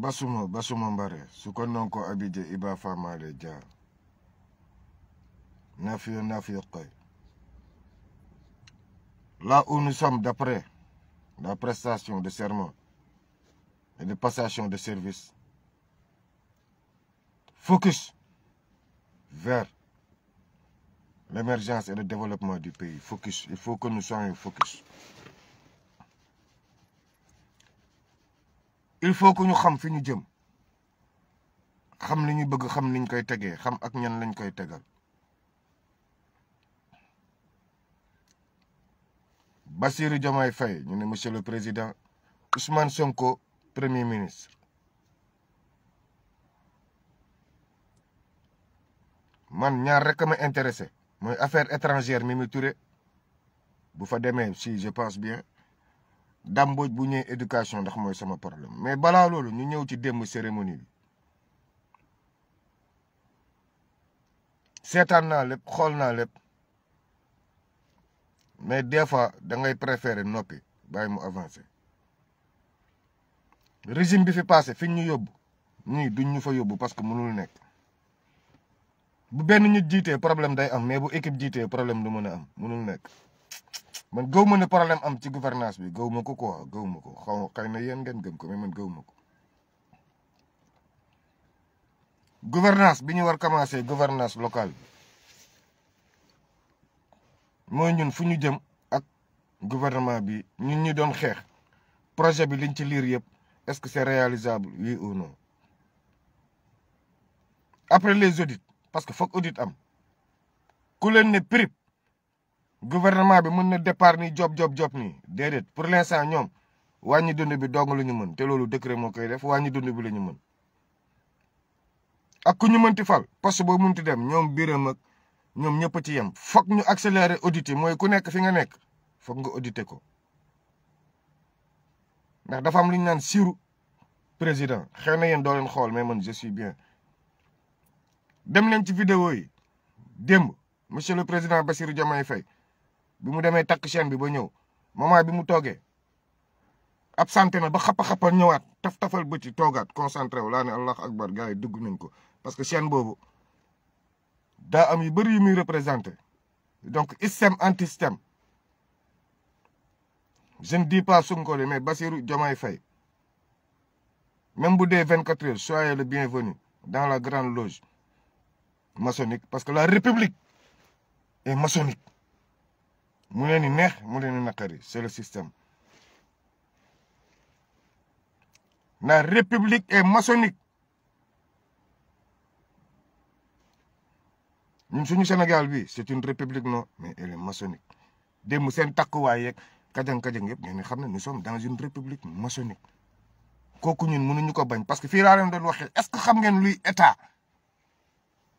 basuma basuma mbare sukannonko abije iba famale dia nafiyo nafiyo koy là où nous sommes la prestation de serment et de passation de service focus vers l'émergence et le développement du pays focus il faut que nous soyons focus il faut que ñu xam fi ñu jëm xam li ñu bëgg xam niñ koy tegee xam ak ñan lañ koy tegal Bassirou Diomaye Faye ñu ne monsieur le président Ousmane Sonko premier ministre man ñaar rek a ma intéressé mooy affaire étrangère Mimi Touré bu fa demee si je pense bien dàmbooj bu ñëwee éducation ndax mooy sama problème mais balaa loolu ñu ñëw ci démb cérémonie bi seetaan naa lépp xool naa lépp mais des fois da ngay préférer noppi bàyyi mu avancer régime bi fi passé fi ñu yóbbu ñii duñ ñu fa yóbbu parce que mënul nekk bu benn ñu jiitee problème day am mais bu équipe jiitee problème du mën a am mënul nekk man gëw ma ne problème am ci gouvernance bi gëw ma ko quoi gëw ma ko xaw xëy na yéen ngeen gëm ko mais man gëw ma ko gouvernance bi ñu war commencé gouvernance locale bi mooy ñun fu ñu jëm ak gouvernement bi ñu ñu doon xeex projet bi liñ ci liir yëpp est-ce que c'est réalisable oui ou non après les audits parce que foog audit am ku leen ne gouvernement bi mën na départ ni job job job nii déedéet pour l'instant ñoom wàññi dund bi dong la ñu mën te loolu décret moo koy def wàññi dund bi la ñu mën. ak ku ñu mënti fal poste boo mënti dem ñoom biram ak ñoom ñëpp ci yem foog ñu accélérer audit mooy ku nekk fi nga nekk foog nga auditer ko ndax dafa am lu ñu naan siru président xëy na yéen doo leen xool mais man je suis bien. dem leen ci vidéo yi démb monsieur le président Bassirou Diomaye Faye bi mu demee takk chaîne bi ba ñëw moment bi mu toogee absenté na ba xappa-xappal ñëwaat taf tafal bëti toogaat concentré wu laa ne allah akbar gars yi dugg nañ ko parce que chaîne boobu daa am yu bëri yu muy donc système anti système je ne dis pas Sonko de mais Bassirou Diomaye Faye même bu dee vingt quatre heures soyez bien bienvenu dans la grande loge maçonnique parce que la république est maçonnique mu leen di neex mu leen di naqari c'est le système la république est maçonnique ñun suñu Sénégal bi c'est une république non mais elle est maçonnique démb seen takkuwaay yeeg kajang-kajang yëpp ngeen xam ne nous sommes dans une république maçonnique kooku ñun mënuñu ko bañ parce que fii laa leen doon waxee est-ce que xam ngeen luy état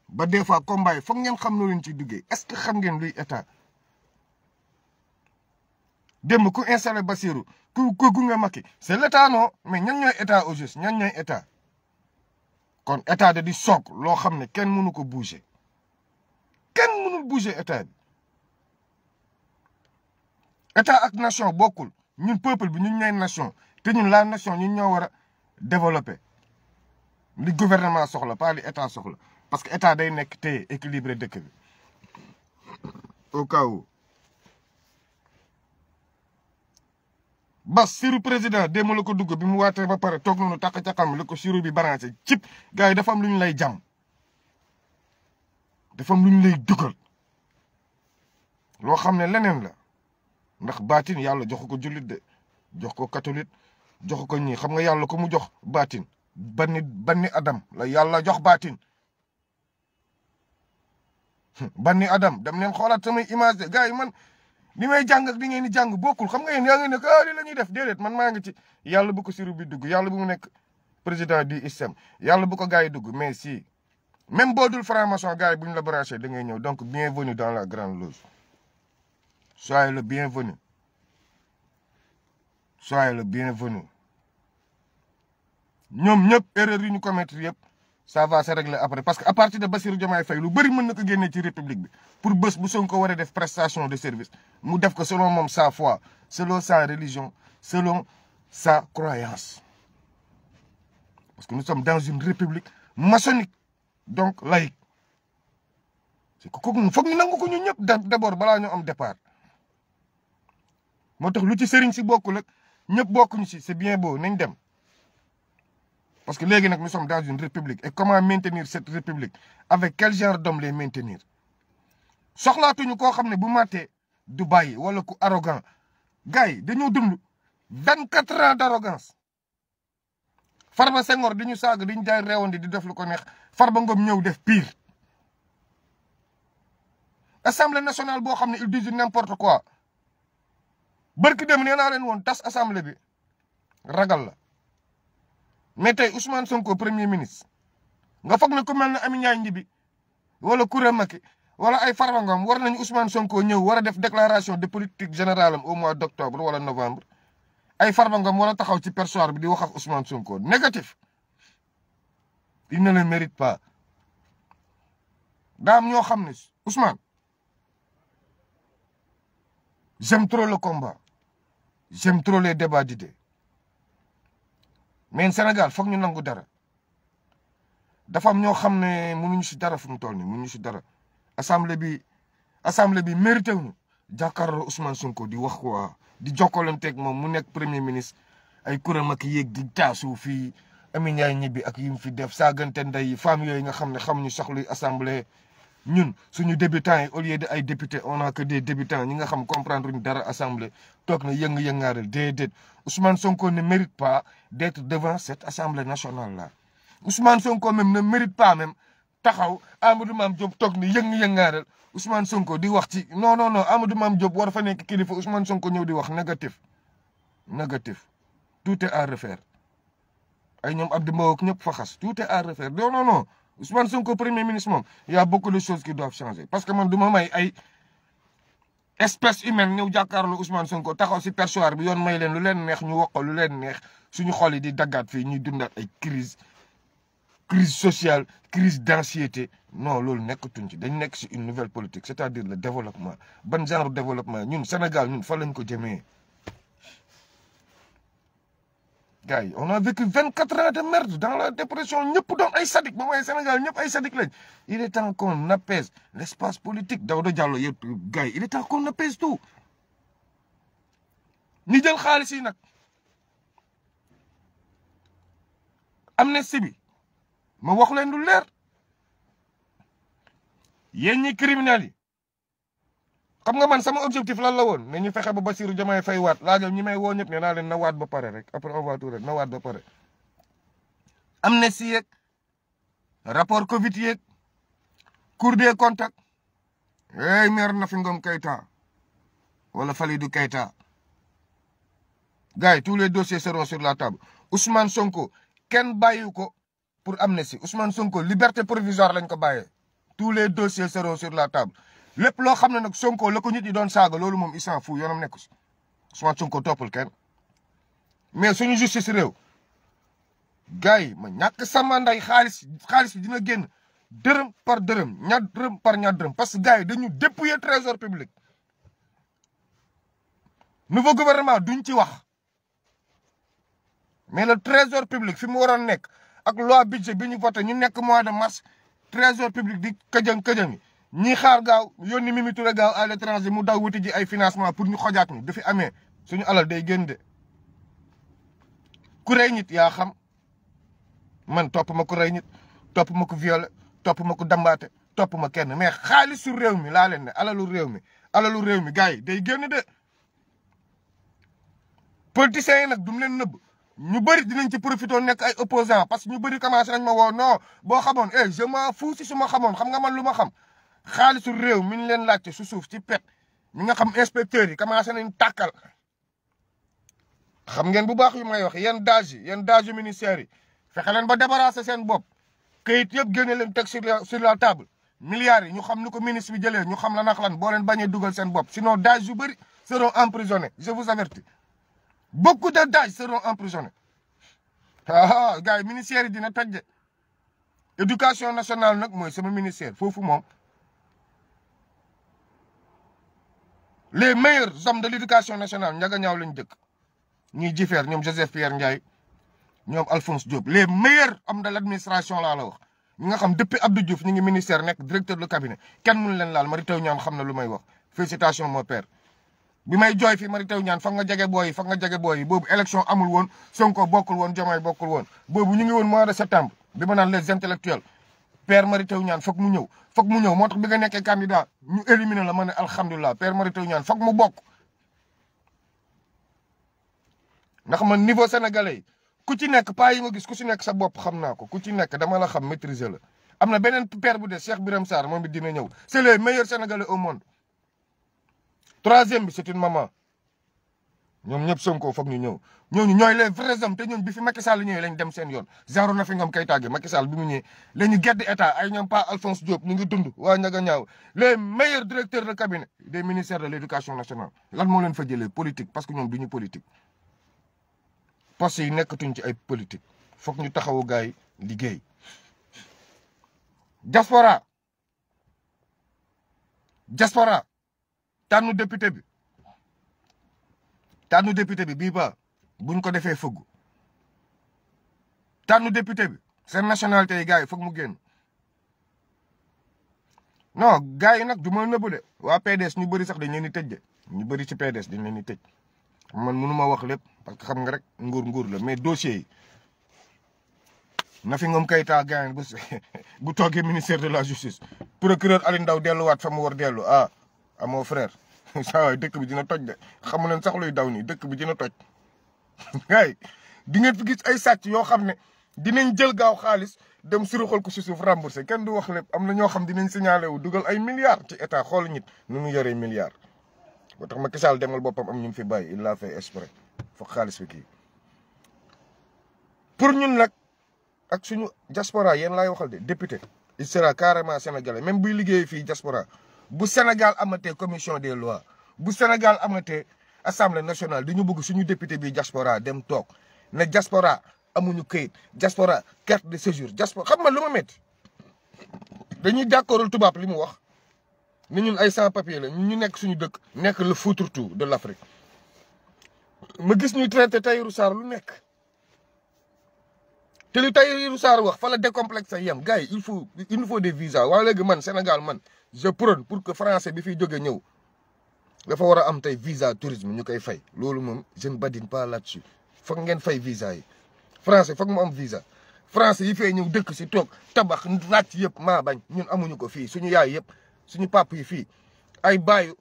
ba des fois combat yi foog ngeen xam noo leen ciy duggee est-ce xam ngeen luy état démb ku installé Bassirou ku ku gunge Macky c' est l' état non mais ñan ñooy état au juste ñan ñooy état kon état de di soog loo xam ne kenn mënu ko bouger kenn mënul bouger état bi état ak nation bokkul ñun peuple bi ñun ñooy nation te ñun la nation ñun ñoo war a développer li gouvernement soxla pas li état soxla parce que état day nekk te équilibré dëkk bi Bassirou président démb la ko dugg bi mu waatee ba pare toog noonu takk ca xam la ko siro bi balancé cib gars yi dafa am lu ñu lay jam dafa am lu ñu lay dugal loo xam ne leneen la ndax baatin yàlla jox ko jullit de jox ko catholique jox ko ñii xam nga yàlla ko mu jox baatin banni banni adam la yàlla jox baatin banni adam dem leen xoolaat samay image de gars yi man li may jàng ak li ngeen di jàng bokkul xam nga yéen yaa ngi ne ah la ñuy def déedéet man maa ngi ci yàlla bu ko siru bi dugg yàlla bu mu nekk président du ISEM yàlla bu ko gars yi dugg mais si même boo dul franc-maçon bu ñu la branché da ngay ñëw donc bienvenue dans la grande loge soyez le bienvenu soyez le bienvenu ñoom ñëpp erreur yi ñu commettre yëpp ça va se régler après parce que à partir de Bassirou Diomaye Faye lu bëri mën na ko génnee ci république bi pour bés bu Sonko waree de prestation de service mu def ko selon moom sa foi selon sa religion selon sa croyance. parce que nu sommes dans une république maçonnique donc laïque c'est que kooku foog ñu nangu ko ñu ñëpp d'abord balaa ñu am départ. moo tax lu ci sëriñ si bokkul ak ñëpp bokkuñu si c'est bien boo nañ dem. Parce que léegi nag nous sommes dans une république et comment maintenir cette république avec quel genre d'homme lay maintenir soxlaatuñu koo xam ne bu mate du bàyyi wala ku arrogant gars yi dañoo dund vingt quatre ans d'arrogance Farba Senghor di ñu saag di ñu jaay réewandi di def lu ko neex Farba Ngom ñëw def pire. Assemblée nationale boo xam ne il dit n'importe quoi barki dem nee naa leen woon tas assemblée bi ragal la. mais tey Ousmane Sonko premier ministre nga foog ne ku mel ne Amy Ndiaye Gniby wala Koura Macky wala ay Farba Ngom war nañu Ousmane Sonko ñëw war a def déclaration de politique générale am au mois d' octobre wala novembre ay Farba war a taxaw ci perchoir bi di wax ak Ousmane Sonko négatif il ne le mérite pas daam ñoo xam ne Ousmane j'aime trop le combat j'aime trop les débats d'idées mais Sénégal foog ñu nangu dara dafa am ñoo xam ne mënuñu si dara fu mu ni mu mënuñu si dara assemblée bi assemblée bi mérité wuñu jàkkaarloo Ousmane Sonko di wax quoi di jokkalanteeg moom mu nekk premier ministre ay kuram ak yéeg di taasu fii Amy Ndiaye ñibbi ak yi mu fi def saagante ndey yi femmes yooyu nga xam ne xamuñu sax luy assemblée ñun suñu débutants yi au lieu ay député on a que des débutants ñi nga xam comprendre ñu dara assemblée toog na yëng-yëngaaral déedéet Ousmane Sonko ne mérite pas d'être devant cette assemblée nationale là Ousmane Sonko même ne mérite pas même taxaw Amadou Mame Diop toog ni yëng-yëngaaral Ousmane Sonko di wax ci non non non Amadou Mame Diop fa nekk kilifa Ousmane Sonko ñëw di wax négatif négatif tout est à refaire ay ñoom Abdou Mbow ak ñëpp faxas tout est à refaire non non Ousmane Sonko premier ministre moom y' a beaucoup de choses qui doivent changer parce que man du ma may ay espèce humaine ñëw jàkkaarloo Ousmane Sonko taxaw si perchoir bi yoon may leen lu leen neex ñu wax ko lu leen neex suñu xol yi di daggaat fii ñuy dundaat ay crise crise sociale crise d'anxiété non loolu nekkatuñ ci dañ nekk si une nouvelle politique c'est-à-dire le développement ban genre développement ñun Sénégal ñun fan lañ ko jëmee. gars yi on a vécu vingt quatre ans de merde dans la dépression ñëpp doon ay sadique ba mooy Sénégal ñëpp ay sadique lañ il est temps qu'on apaise l'espace politique Daouda Diallo yëpp gars yi il est temps qu'on apaise tout ñu jël xaalis yi nag amnistie bi ma wax leen lu leer yéen ñi criminels yi xam nga man sama objectif lan la woon mais ñu fexe ba Bassirou Diomaye Faye waat laajal ñi may woo ñëpp ne naa leen na waat ba pare rek après on tout rek na waat ba pare. amnistie yeeg rapport Covid yeeg cour des comptes hey meer Nafi Ngom Keïta wala Falidou Keïta gars yi tous les dossiers seront sur la table Ousmane Sonko kenn bàyyiwu ko pour amnistie Ousmane Sonko liberté provisoire lañ ko bàyyee tous les dossiers seront sur la table. lépp loo xam ne nag Sonko la ko nit ñi doon saaga loolu moom isaan fu yoonam nekku si Ousmane Sonko toppul kenn mais suñu justice réew gars yi ma ñàkk sama nday xaalis xaalis bi dina génn dërëm par dërëm ñaar dërëm par ña dërëm parce que gars yi dañu dépouiller trésor public nouveau gouvernement duñ ci wax mais le trésor public fi mu waroon nekk ak loi budget bi ñu voté ñu nekk mois de mars trésor public di këjëm këjëm yi ñi xaar gaaw yónni ni Touré gaaw à l'étranger mu daw wuti ji ay financement pour ñu xojaat ñu dafi amee suñu alal day génn de ku rey nit yaa xam man topp ma ku rey nit topp ma ku violé topp ma ku dambaate topp ma kenn mais xaalisu réew mi laa leen ne alalu réew mi alalu réew mi gars yi day génn de politiciens yi nag du mu leen nëbb ñu bëri dinañ ci profité nekk ay opposant parce que ñu bëri commencé nañ ma woo no boo xamoon eh je m'en fous si su ma xamoon xam nga man lu ma xam xaalisu réew mi ñu leen laajte su suuf ci pet ñi nga xam inspecteurs yi commencé nañ tàkkal xam ngeen bu baax yu may wax yeen dage yi yeen dage yu yi fexe leen ba débarrasser seen bopp kayit yëpp génne leen teg sur la sur table milliards yi ñu xam ni ko ministre bi jëlee ñu xam la nax lan boo leen bañee dugal seen bopp sinon dage yu bëri seront emprisonnés je vous avertis beaucoup de daaj seront emprisonnés ah, ah gars yi ministère yi dina toj de éducation nationale nag mooy sama ministère foofu moom. les meilleurs hommes de l'éducation nationale njaga ñaaw lañ dëkk ñuy jifeer ñoom Joseph Pierre Ndiaye ñoom Alphonse Diop les meilleurs hommes de l'administration laa la wax ñi nga xam depuis Abdou Diouf ñu ngi ministère nekk directeur de cabinet kenn mënu leen laal Mary Teuw Niane xam na lu may wax félicitations mon père bi may jooy fii Mary Teuw Niane foog nga jege booy yi foog nga jege booy boobu élection amul woon Sonko bokkul woon Diomaye bokkul woon boobu ñu ngi woon mois de septembre bi ma naan les intellectuels Père Mary wu ñaan foog mu ñëw foog mu ñëw moo tax bi nga nekkee candidat ñu éliminé la ma ne alhamdulilah Père Mary ñaan Niane foog mu bokk. ndax man niveau sénégalais yi ku ci nekk pas yi nga gis ku ci nekk sa bopp xam naa ko ku ci nekk dama la xam maîtriser la am na beneen père bu dee Cheikh Birame Sarr moom it dina ñëw c'est le meilleur sénégalais au monde troisième bi c'est une maman. ñoom ñëpp Sonko foog ñu ñëw ñooñu ñooy les vrais hommes te ñun bi fi Macky Sall ñëwee lañ dem seen yoon zéro na fi ngam kay tàgge Macky Sall bi mu ñëwee la ñu gedd état ay ñoom Pa Alphonse Diop ñu ngi dund waa ñaga ñaaw les meilleurs directeurs de cabinet des ministères de l' éducation nationale lan moo leen fa jëlee politique parce que ñoom du ñu politique poste yi nekkatuñ ci ay politique foog ñu taxawu gaay liggéey diaspora diaspora tànnu député bi tànnu député bi bii ba buñ ko defee fëgg tànnu député bi seen nationalité yi gars yi foog mu génn non gars yi nag du ma nëbbu de waa PDS ñu bëri sax dañ leen di tëj de ñu bari ci PDS dañ leen di tëj man mënu ma wax lépp parce que xam nga rek nguur nguur la mais dossier nafi na kayi ngoom Keïta gars bu bu toogee ministère de la justice procureur Aliou Ndao delluwaat fa mu wor dellu a ah, amoo frère. saa i dëkk bi dina toj de xamu leen sax luy daw nii dëkk bi dina toj. ngay di ngeen fi gis ay sàcc yoo xam ne dinañ jël gaaw xaalis dem suruxal ko si suuf remboursé kenn du wax lépp am na ñoo xam dinañ signalé wu dugal ay milliards ci état xool nit nu mu yoree milliards. ba tax ma kisaal demal boppam am ñu fi bàyyi il l'a fait exprès foog xaalis fi kii pour ñun nag ak suñu diaspora yéen laay waxal de député il sera carrément sénégalais même buy liggéeye fii diaspora bu Sénégal amatee commission des lois bu Sénégal amatee assemblée nationale dañu bëgg suñu député bi jaspora dem toog ne jaspora amuñu këyit jaspora carte de séjour diaspora xam nga lu ma métti dañuy d'accordul tubaab li mu wax ne ñun ay sans papier la ñu nekk suñu dëkk. nekk le foutre-tout de l'Afrique ma gis ñu traité Tahirou Sarr lu nekk. te lu Tahirou wax fala la décomplexé yem gars yi il faut il faut des visa waaye léegi man Sénégal man je prône pour que français bi fi jóge ñëw dafa war a am tey visa tourisme ñu koy fay loolu moom jeune ne badine pas là-dessus foog ngeen fay visa yi français foog mu am visa français yi fee ñëw dëkk si toog tabax naaj yëpp maa bañ ñun amuñu ko fii suñu yaay yëpp suñu pap yi fii ay baay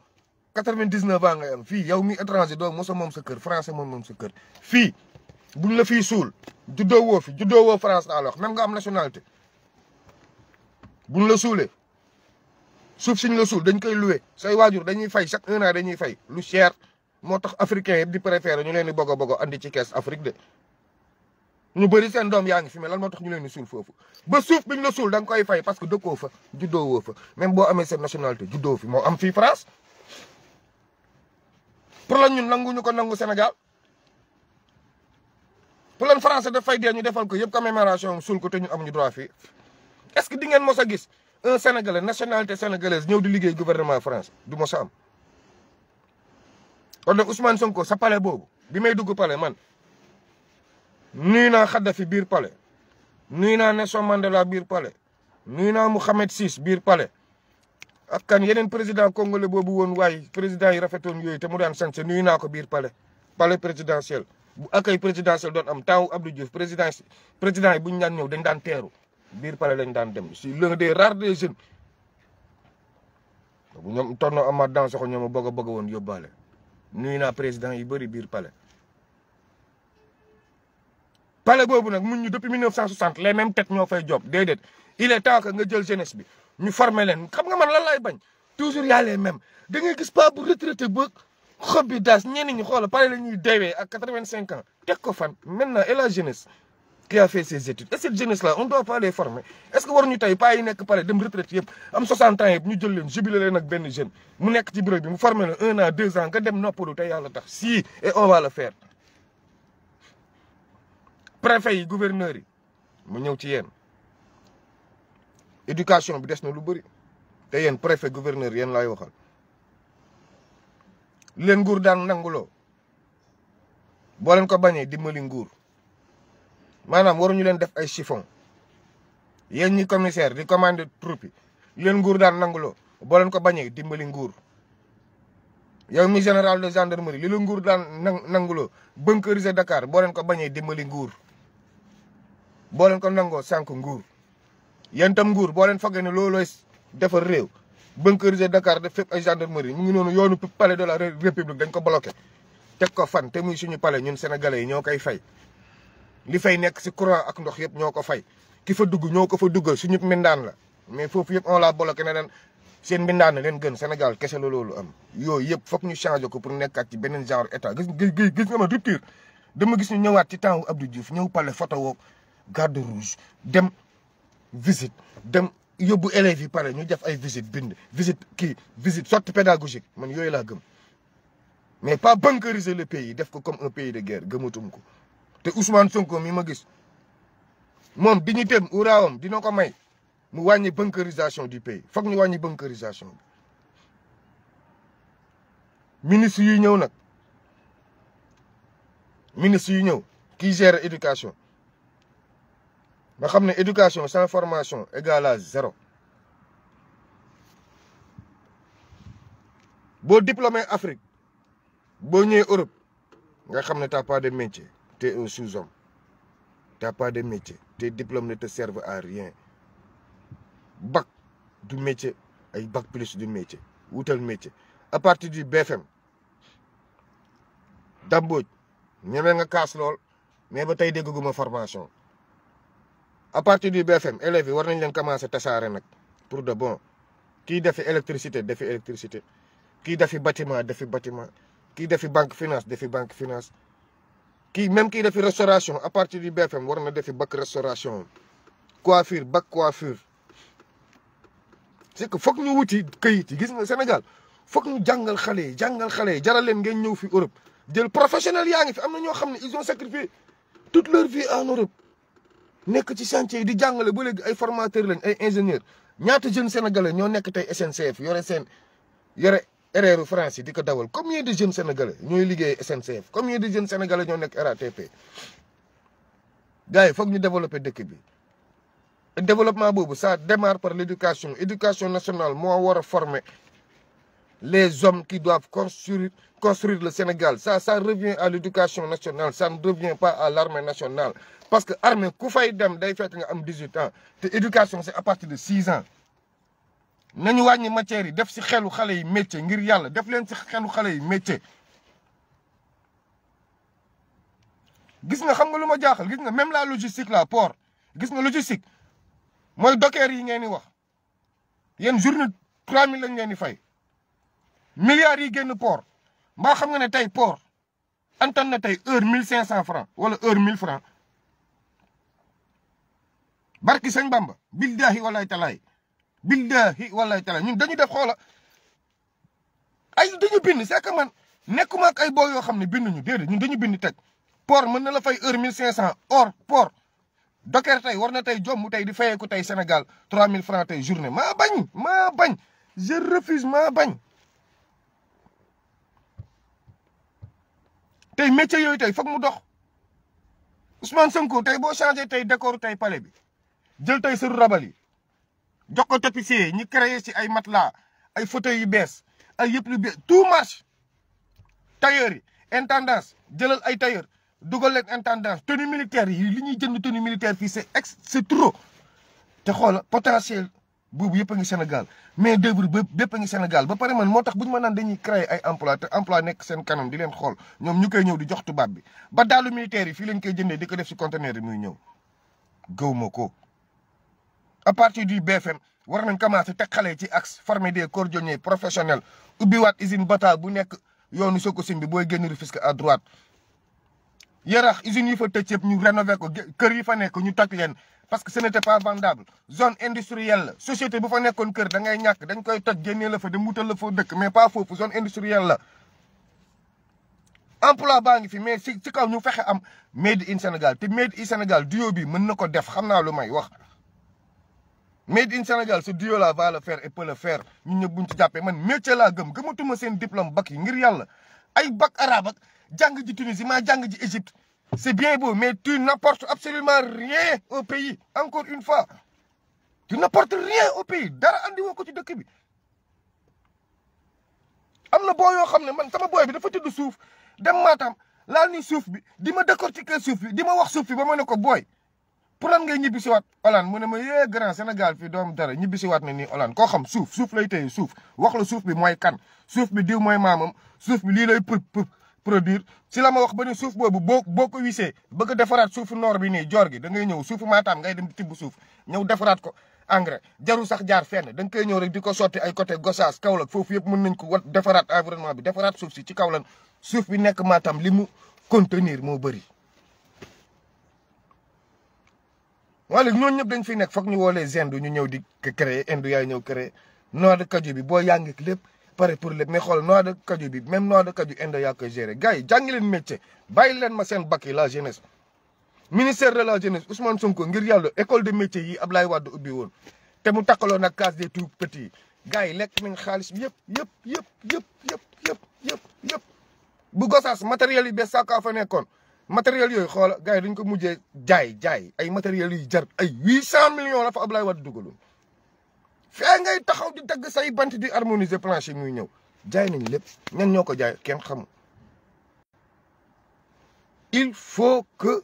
quatre-vingt-dix-neuf ans ngay am fii yow mi étranger doo mosa moom sa kër français moom moom sa kër fii bu buñ la fiy suul juddoo woo fi juddoo woo France laa la wax am nationalité buñ la suulee suuf siñ la suul dañ koy loué say waajur dañuy fay chaque un an dañuy fay lu cher moo tax africain yëpp di préféré ñu leen di bëgg a bëgg a andi ci kees Afrique de. ñu bëri seen doom yaa ngi fi mais lan moo tax ñu leen di suul foofu ba suuf biñ la suul da koy fay parce que dëkkoo fa juddoo woo fa même boo amee seen nationalité juddoo fi moo am fi France. pour lan ñu nanguñu ko nangu Sénégal. bu leen français daf fay dee ñu defal ko yëpp commémoration suul ko te ñu amuñu droit fii est-ce que di ngeen mos a gis un sénégalais nationalité sénégalaise ñëw di liggéey gouvernement France du mos a am. kon nag Ousmane Sonko sa palais boobu bi may dugg palais man nuyu naa Kadhafi biir palais nuyu naa Nelson Mandela biir palais nuyu naa Mohamed Sis biir palais. ak kan yeneen président congolais boobu woon waaye président yi rafetoon yooyu te mu daan sant nuyu naa ko biir palais palais présidentiel. bu accueil présidentiel doon am temps Abdou Diouf président président bu ñu daan ñëw dañ daan teeru biir pare lañ daan dem si l'un des rares des jeunes bu ñoom tonno Amath Dansokho ñoom a bëgg a bëgg woon yóbbaale nuyu naa président yu bëri biir pale palais boobu nag mun ñu depuis 1960 les mêmes têtes ñoo fay job déedéet il est temps que nga jël jeunesse bi ñu former leen xam nga man lan lay bañ toujours y a les mêmes da ngay gis pas bu retraité ba xob bi daas ñenn ñi xoola pare la ñu deewee à quatre-vingt-cinq ans teg ko fan maintenant et la jeunesse qui a fait ses études et cette jeunesse là on doit pas les former est-ce que waruñu tey paa yi nekk pare dem retraite yëpp am 60 ans ñu jël leen jubilé leen benn jeune mu nekk ci bureau bi mu formé la un an deux ans nga dem noppalu te yàlla si et on va le faire yi gouverneurs yi mu ñëw ci yéen éducation bi des na lu bëri te yéen préfet gouverneur yen laay waxal li nguur daan nanguloo boo leen ko bañee dimbali nguur maanaam waruñu leen def ay chiffon yéen ñi commissaire di commandé troupe yi leen nguur daan nanguloo boo leen ko bañee dimbali nguur yow mi général de gendarmerie li la nguur daan nanguloo bunkeriser Dakar boo leen ko bañee dimbali nguur boo leen ko nangoo sànq nguur yéen tam nguur boo leen foggee ne loolooy defar réew bunkeriser Dakar def fépp ay gendarmerie mu ngi noonu yoonu palais de la république dañ ko bloqué teg ko fan te muy suñu palais ñun sénégalais yi ñoo koy fay li fay nekk si courant ak ndox yëpp ñoo ko fay ki fa dugg ñoo ko fa duggal suñu mbindaan la mais foofu yëpp on la bloqué ne leen seen mbindaan la leen gën Sénégal kese la loolu am yooyu yëpp foog ñu changé ko pour nekkaat ci beneen genre état gis gis nga ma rupture dama gis ñu ñëwaat ci temps Abdou Diouf ñëw palais photo woo garde rouge dem visite dem yóbbu élèves yi ñu def ay visite bind visite kii visite sortie pédagogique man yooyu laa gëm mais pas bunkériser le pays def ko comme un pays de guerre gëmatum ko te Ousmane Sonko mi ma gis moom bi ñu tém uraawam dina ko may mu wàññi bunkérisation di pays foog ñu wàññi bunkérisation bi ministre yu ñëw nag ministre yu ñëw kii gère éducation nga xam ne éducation sans formation égale à zéro boo diplômé Afrique boo ñëwee Europe nga xam ne t'as de métier te un sous-homme t'as de métier te diplômes ne te servent à rien bac du métier ay bac plus du métier wutal métier à partir du BFM Dambodj ñeme nga kaas lool mais ba tey dégguma formation à partir du BFM élèves yi war nañ leen commencé tasaare nag pour de bon kii defi électricité defi électricité kii defi bâtiment defi batiment kii defi banque finance defi banque finance kii même kii defi restauration à partir du BFM war na defi bac restauration coiffure bac coiffure c'est que foog ñu wuti kayit yi gis nga Sénégal foog ñu jàngal xale yi jàngal xale yi jaral leen ngeen ñëw fi Europe jël professionnel yaa ngi fi am na ñoo xam ne ils ont sacrifié toute leur vie en Europe nekk ci chantier yi di jàngale ba léegi ay formateur lañ ay ingénieur ñaata jeunes sénégalais ñoo nekk tey SNCF yore seen yore ereeru France yi di ko dawal combien de jeunes sénégalais ñooy liggéey SNCF combien de jeunes sénégalais ñoo nekk RATP gars yi foog ñu développer dëkk bi développement boobu ça démarre par l' éducation éducation nationale moo war a former les hommes qui doivent construire, construire le Sénégal. Ça, ça revient à l'éducation nationale, ça ne revient pas à l'armée nationale. Parce que ku fay dem l'armée, Koufaïdam, Daïfet, 18 ans. L'éducation, c'est à partir de 6 ans. nañu wàññi matière yi def si xelu xale yi métier ngir yàlla def leen si xelu xale yi métier gis nga xam nga lu ma jaaxal gis nga même la logistique la port gis nga logistique mooy docker yi ngeen di wax yéen journée 3000 lañ ngeen fay milliards yi génn port mbaa xam nga ne tey port antan na tey heure mille cinq cent franc wala heure mille franc barki sëñ Bamba billaahi walaay talaay billaahi wala talaay ñun dañu def xoola ay dañu bind c'est que man nekkuma ak ay boo yoo xam ne binduñu déedéet ñun dañu bind teg port mën na la fay heure mille cinq cent or port docker tey war na tey jomb tey di fayeeku tey Sénégal trois mille francs tey journée maa bañ maa bañ je refuse maa bañ tey métier yooyu tey foog mu dox Ousmane Sonko tey boo changé tey décor tey palais bi jël tey sëru rabal yi jox ko tapissier ñu créé ci ay matelas ay fauteuils yu bees ay yëpp lu bees tout marche tailleur yi intendance jëlal ay tailleur dugal leen intendance tenue militaire yi li ñuy jënd tenue militaire fii c'est ex c'est trop te xoola potentiel boobu yëpp a ngi Sénégal mais d'œuvre bépp a ngi Sénégal ba pare man moo tax bu ñu ma naan dañuy créer ay emploi te emploi nekk seen kanam di leen xool ñoom ñu koy ñëw di jox tubaab bi ba daalu militaire yi fii lañ koy jëndee di ko def si conteneur yi muy ñëw gëw ma ko à partir du BFM war nañ commencé teg xale ci axe former des cordonniers professionnels ubbiwaat usine bata bu nekk yoonu Sococim bi booy génn Rufisque à droite Yarax usines yi fa tëj yëpp ñu rénover ko kër yi fa nekk ñu toj leen parce que ce n'était pas vendable zone industrielle la société bu fa nekkoon kër da ngay ñàkk dañ koy toj génnee la fa dem wutal la foo dëkk mais pas foofu zone industrielle la. emploi baa ngi fi mais si ci kaw ñu fexe am made in Sénégal te made in Sénégal duo bi mën na ko def xam naa lu may wax. made in Sénégal ce duo là va le faire et peut le faire ñun ñëpp buñ jàppee man métier laa gëm gëmatuma seen diplôme bac yi ngir yàlla ay bac arabe jàng ji Tunisie maa jàng ji Égypte c'est bien beau mais tu n'apportes absolument rien au pays encore une fois tu n'apportes rien au pays dara andi woo ko ci dëkk bi am na boo yoo xam ne man sama booy bi dafa tudd suuf dem Matam laal ni suuf bi di ma décortiquer suuf bi di ma wax suuf bi ba ma ne ko booy pour lan nga ñibi si waat Hollande mu ne ma yee eh, grand Sénégal fii doom dara ñibbi si waat na nii Hollande koo xam suuf suuf lay téye suuf wax la suuf bi mooy kan suuf bi diw mooy maamam suuf bi lii lay pëp produire si la ma wax ba ne suuf boobu boo boo ko wisee bëgg defaraat suufu noor bi nii joor gi da ngay ñëw suufu maataam ngay dem tibb suuf ñëw defaraat ko engrais jaru sax jaar fenn da nga koy ñëw rek di ko sotti ay côté Gossas Kaolack foofu yëpp mën nañ ko wat defaraat environnement bi defaraat suuf si ci kaw lan suuf bi nekk maatam li mu contenir moo bëri. wala ñooñu ñëpp dañ fi nekk foog ñu woolee les Indes ñu ñëw di créer Inde yaay ñëw créer noor Kajo bi boo yàngeeg lépp. par pour lépp mais xool noix de cajou bi même noix de cajou Inde yaa koy gérer gars yi jàngi leen métier bàyyi leen ma seen bac la jeunesse. ministère de la jeunesse Ousmane Sonko ngir yàlla école de métier yi Ablaye Wade bi woon te mu takkaloon na case des tout petits gars yi lekk nañ xaalis bi yëpp yëpp yëpp yëpp yëpp yëpp yëpp yëpp. bu gosaas matériels yi bees saakaa fa nekkoon matériels yooyu xoola gars yi dañ ko mujjee jaay jaay ay matériels yu jar ay huit cent millions la fa Ablaye Wade dugaloon. fee ngay taxaw di dagg say bant di harmoniser planche yi muy ñëw jaay nañ lépp ñan ñoo ko jaay kenn xamu il faut que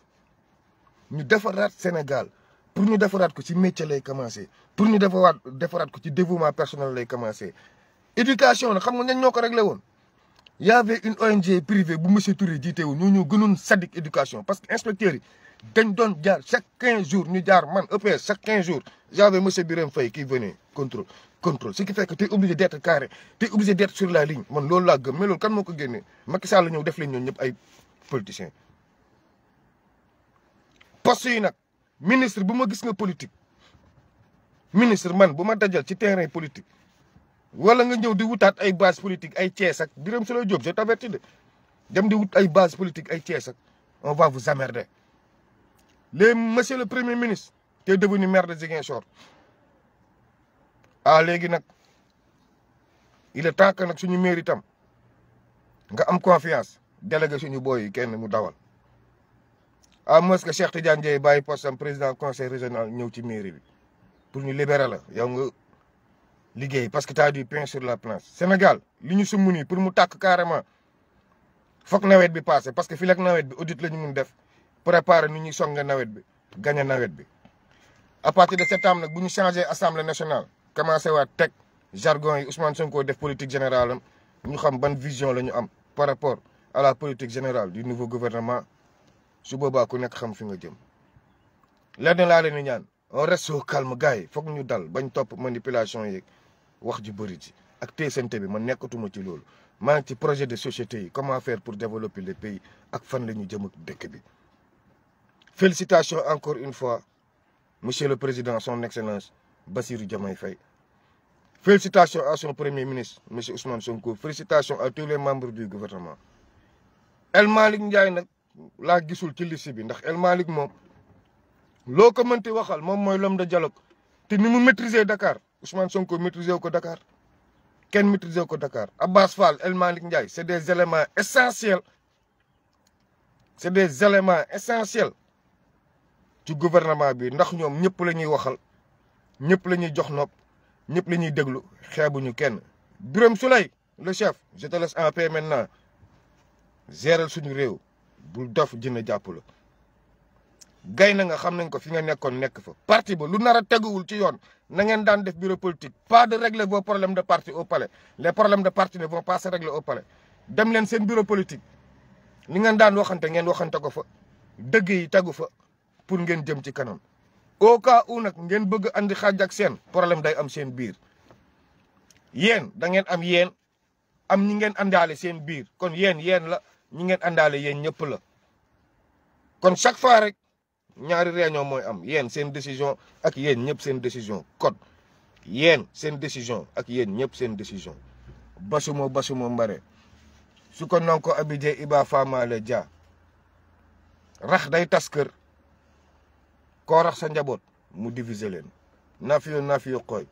ñu defaraat Sénégal pour ñu defaraat ko ci métier lay commencé pour ñu defaraat defaraat ko ci dévouement personel lay commencé éducation la xam nga ñan ñoo ko réglé woon y avait une ONG privée bu monsieur Touré jiite wu ñoo ñu gënoon sadik éducation parce que inspecteurs yi dañ doon jaar chaque quinze jours ñu jaar man EPS chaque quinze jours y avait monsieur Birame Faye qui venait contrôle contrôle ce qui fait que tu es obligé d' être carré sur la ligne man loolu laa gëm mais loolu kan moo ko génnee Macky Sall ñëw def leen ñoom ñëpp ay politiciens. poste yi nag ministre bu ma gis nga politique ministre man bu ma dajal ci terrain politique wala nga ñëw di wutaat ay base politique ay Thiès ak Birame Souleye Diop je t'avertis de dem di wut ay base politique ay Thiès ak on va vous emmerder monsieur le premier ministre tu es devenu maire de Ziguinchor ah léegi nag il est temps que nag suñu mairie tam nga am confiance délégué suñu booy yi kenn mu dawal à moins que Cheikh Tidiane Dieye bàyyi poste am président conseil régional ñëw ci mairie bi pour ñu libérer la yow nga liggéey parce que t'as du pain sur la planche. Sénégal li ñu sumb nii pour mu takk carrément foog nawet bi passé parce que fii ak nawet bi audit la ñu mun def préparer nu ñuy songe nawet bi gagné nawet bi à partir de septembre nag bu ñu changé assemblée nationale. commencé waat teg jargon yi Ousmane Sonko def politique générale ñu xam ban vision la ñu am par rapport à la politique générale du niveau gouvernement su boobaa ku nekk xam fi nga jëm. lenn laa leen di ñaan on reste au calme gars yi foog ñu dal bañ topp manipulation yeeg wax ju bëri ji ak teesante bi man nekkatuma ci loolu maa ngi ci projet de société yi comment faire pour développer le pays ak fan la ñu jëm ak dëkk bi. félicitations encore une fois monsieur le président son excellence Bassirou Diomaye Faye. Félicitations à son Premier ministre, M. Ousmane Sonko. Félicitations à tous les membres du gouvernement. El Malick Ndiaye nag laa gisul ci liste bi ndax El Malick moom loo ko mënti waxal moom mooy lom de dialogue ti ni mu maîtriser Dakar Ousmane Sonko maîtriser ko Dakar kenn maîtriser ko Dakar Abbas Fall El Malick Ndiaye c'est des éléments essentiels c'est des éléments essentiels ci gouvernement bi ndax ñoom ñëpp la ñuy waxal ñëpp la ñuy jox nopp ñëpp la ñuy déglu ñu kenn Birame Souleye le chef je te laisse en paix maintenant géral suñu réew bul dof dina jàpp la gay nga xam nañ ko fi nga nekkoon nekk fa parti ba lu nar a teguwul ci yoon na ngeen daan def bureau politique pas de régler vos problèmes de parti au palais les problèmes de parti ne vont pas se régler au dem leen seen bureau politique ni ngeen daan waxante ngeen waxante ko fa dëgg yi tegu fa pour ngeen jëm ci kanam au cas où nag ngeen bëgg andi xaaj ak seen problème day am seen biir yéen da ngeen am yéen am ñi ngeen àndaale seen biir kon yéen yéen la ñi ngeen àndaale yéen ñëpp la kon chaque fois rek ñaari réunion mooy am yéen seen décision ak yéen ñëpp seen décision kon yéen seen décision ak yéen ñëpp seen décision basumo basumo mbare su ko non ko abidje iba faamale rax day tas kër koorax sa njaboot mu diviser leen nafiyu nafiyu